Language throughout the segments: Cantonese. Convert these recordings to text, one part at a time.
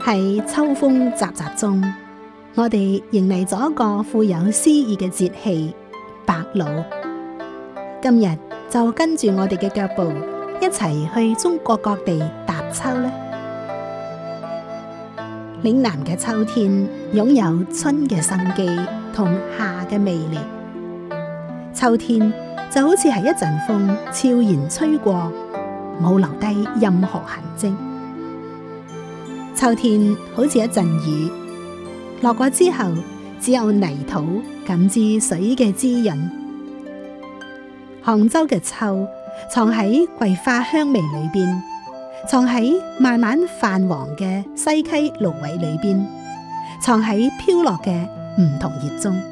喺秋風習習中，我哋迎嚟咗一個富有詩意嘅節氣——白露。今日就跟住我哋嘅腳步，一齊去中國各地踏秋呢。嶺南嘅秋天擁有春嘅生機同夏嘅魅力。秋天就好似係一陣風悄然吹過，冇留低任何痕迹。秋天好似一陣雨，落過之後只有泥土感知水嘅滋潤。杭州嘅秋藏喺桂花香味裏邊，藏喺慢慢泛黃嘅西溪蘆葦裏邊，藏喺飄落嘅梧桐葉中。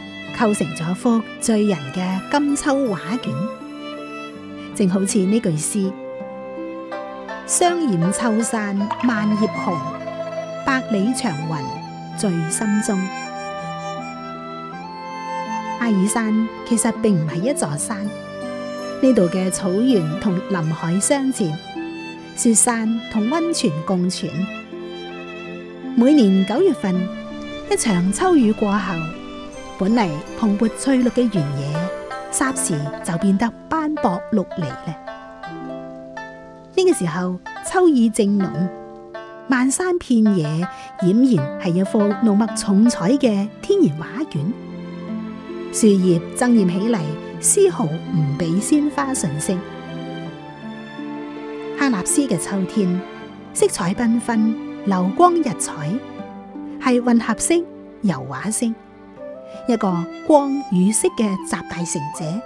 構成咗一幅醉人嘅金秋畫卷，正好似呢句詩：霜染秋山萬葉紅，百里長雲醉心中。阿爾山其實並唔係一座山，呢度嘅草原同林海相接，雪山同温泉共存。每年九月份，一場秋雨過後。本嚟蓬勃翠綠嘅原野，霎時就變得斑駁陸離咧。呢個時候秋意正濃，漫山遍野儼然係一幅濃墨重彩嘅天然畫卷。樹葉爭艷起嚟，絲毫唔比鮮花遜色。喀納斯嘅秋天色彩繽紛，流光溢彩，係混合色油畫色。一個光與色嘅集大成者，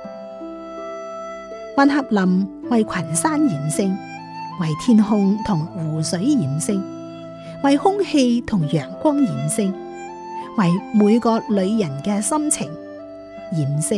混合林為群山染色，為天空同湖水染色，為空氣同陽光染色，為每個女人嘅心情染色。